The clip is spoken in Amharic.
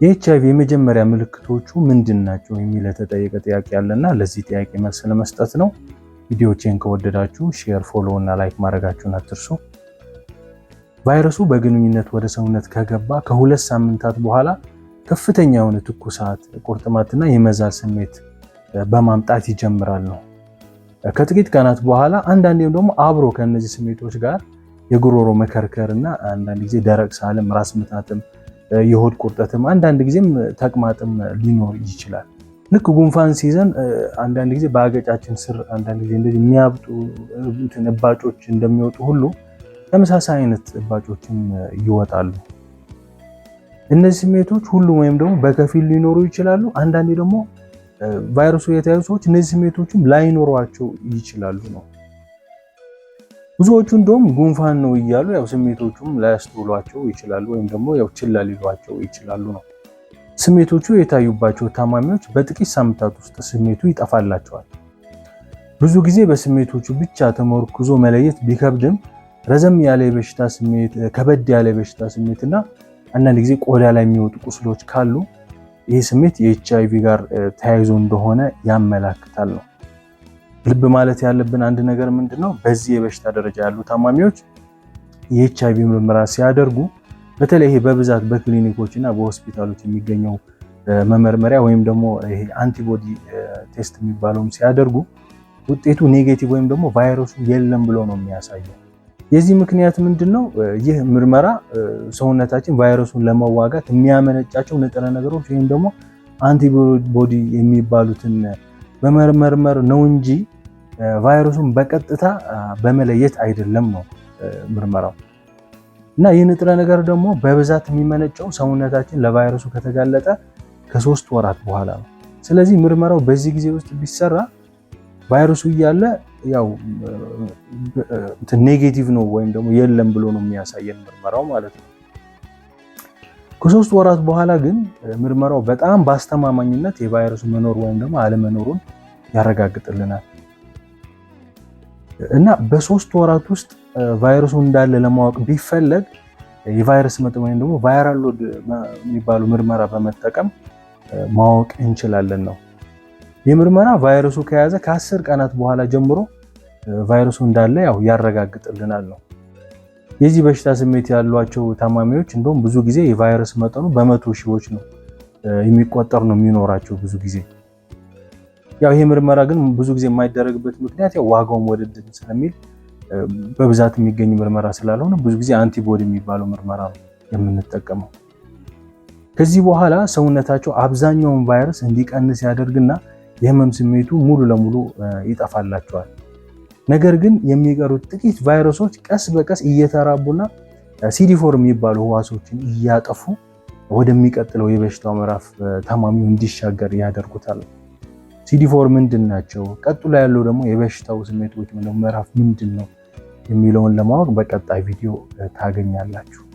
የኤችአይቪ የመጀመሪያ ምልክቶቹ ምንድን ናቸው የሚል የተጠየቀ ጥያቄ ያለና ለዚህ ጥያቄ መልስ ለመስጠት ነው። ቪዲዮቼን ከወደዳችሁ ሼር፣ ፎሎ እና ላይክ ማድረጋችሁን አትርሱ። ቫይረሱ በግንኙነት ወደ ሰውነት ከገባ ከሁለት ሳምንታት በኋላ ከፍተኛ የሆነ ትኩሳት፣ ቁርጥማትና የመዛል ስሜት በማምጣት ይጀምራል ነው። ከጥቂት ቀናት በኋላ አንዳንዴም ደግሞ አብሮ ከእነዚህ ስሜቶች ጋር የጉሮሮ መከርከር እና አንዳንድ ጊዜ ደረቅ ሳልም ራስ ምታትም የሆድ ቁርጠትም አንዳንድ ጊዜም ተቅማጥም ሊኖር ይችላል። ልክ ጉንፋን ሲይዘን አንዳንድ ጊዜ በአገጫችን ስር አንዳንድ ጊዜ እንደዚህ የሚያብጡ እባጮች እንደሚወጡ ሁሉ ተመሳሳይ አይነት እባጮችም ይወጣሉ። እነዚህ ስሜቶች ሁሉም ወይም ደግሞ በከፊል ሊኖሩ ይችላሉ። አንዳንዴ ደግሞ ቫይረሱ የተያዙ ሰዎች እነዚህ ስሜቶችም ላይኖሯቸው ይችላሉ ነው ብዙዎቹ እንደውም ጉንፋን ነው እያሉ ያው ስሜቶቹም ላያስተውሏቸው ይችላሉ፣ ወይም ደግሞ ያው ችላ ሊሏቸው ይችላሉ ነው። ስሜቶቹ የታዩባቸው ታማሚዎች በጥቂት ሳምንታት ውስጥ ስሜቱ ይጠፋላቸዋል። ብዙ ጊዜ በስሜቶቹ ብቻ ተመርኩዞ መለየት ቢከብድም ረዘም ያለ የበሽታ ስሜት፣ ከበድ ያለ የበሽታ ስሜት እና አንዳንድ ጊዜ ቆዳ ላይ የሚወጡ ቁስሎች ካሉ ይህ ስሜት የኤች አይ ቪ ጋር ተያይዞ እንደሆነ ያመላክታል ነው። ልብ ማለት ያለብን አንድ ነገር ምንድን ነው? በዚህ የበሽታ ደረጃ ያሉ ታማሚዎች የኤች አይቪ ምርመራ ሲያደርጉ በተለይ ይሄ በብዛት በክሊኒኮች እና በሆስፒታሎች የሚገኘው መመርመሪያ ወይም ደግሞ ይሄ አንቲቦዲ ቴስት የሚባለውም ሲያደርጉ ውጤቱ ኔጌቲቭ ወይም ደግሞ ቫይረሱ የለም ብሎ ነው የሚያሳየው። የዚህ ምክንያት ምንድን ነው? ይህ ምርመራ ሰውነታችን ቫይረሱን ለመዋጋት የሚያመነጫቸው ንጥረ ነገሮች ወይም ደግሞ አንቲቦዲ የሚባሉትን በመመርመር ነው እንጂ ቫይረሱን በቀጥታ በመለየት አይደለም ነው ምርመራው። እና ይህ ንጥረ ነገር ደግሞ በብዛት የሚመነጨው ሰውነታችን ለቫይረሱ ከተጋለጠ ከሶስት ወራት በኋላ ነው። ስለዚህ ምርመራው በዚህ ጊዜ ውስጥ ቢሰራ ቫይረሱ እያለ ያው ኔጌቲቭ ነው ወይም ደግሞ የለም ብሎ ነው የሚያሳየን ምርመራው ማለት ነው። ከሶስት ወራት በኋላ ግን ምርመራው በጣም በአስተማማኝነት የቫይረሱ መኖር ወይም ደግሞ አለመኖሩን ያረጋግጥልናል። እና በሶስት ወራት ውስጥ ቫይረሱ እንዳለ ለማወቅ ቢፈለግ የቫይረስ መጠን ወይም ደግሞ ቫይራል ሎድ የሚባሉ ምርመራ በመጠቀም ማወቅ እንችላለን ነው። ይህ ምርመራ ቫይረሱ ከያዘ ከአስር ቀናት በኋላ ጀምሮ ቫይረሱ እንዳለ ያው ያረጋግጥልናል ነው። የዚህ በሽታ ስሜት ያሏቸው ታማሚዎች እንደውም ብዙ ጊዜ የቫይረስ መጠኑ በመቶ ሺዎች ነው የሚቆጠር ነው የሚኖራቸው ብዙ ጊዜ ያው ይሄ ምርመራ ግን ብዙ ጊዜ የማይደረግበት ምክንያት ያው ዋጋውም ወደድ ስለሚል በብዛት የሚገኝ ምርመራ ስላልሆነ ብዙ ጊዜ አንቲቦዲ የሚባለው ምርመራ ነው የምንጠቀመው። ከዚህ በኋላ ሰውነታቸው አብዛኛውን ቫይረስ እንዲቀንስ ያደርግና የህመም ስሜቱ ሙሉ ለሙሉ ይጠፋላቸዋል። ነገር ግን የሚቀሩት ጥቂት ቫይረሶች ቀስ በቀስ እየተራቡና ሲዲፎር የሚባሉ ህዋሶችን እያጠፉ ወደሚቀጥለው የበሽታው ምዕራፍ ታማሚው እንዲሻገር ያደርጉታል። ሲዲፎር ምንድን ናቸው፣ ላይ ያለው ደግሞ የበሽታው ስሜቶች ምዕራፍ ምንድን ነው የሚለውን ለማወቅ በቀጣይ ቪዲዮ ታገኛላችሁ።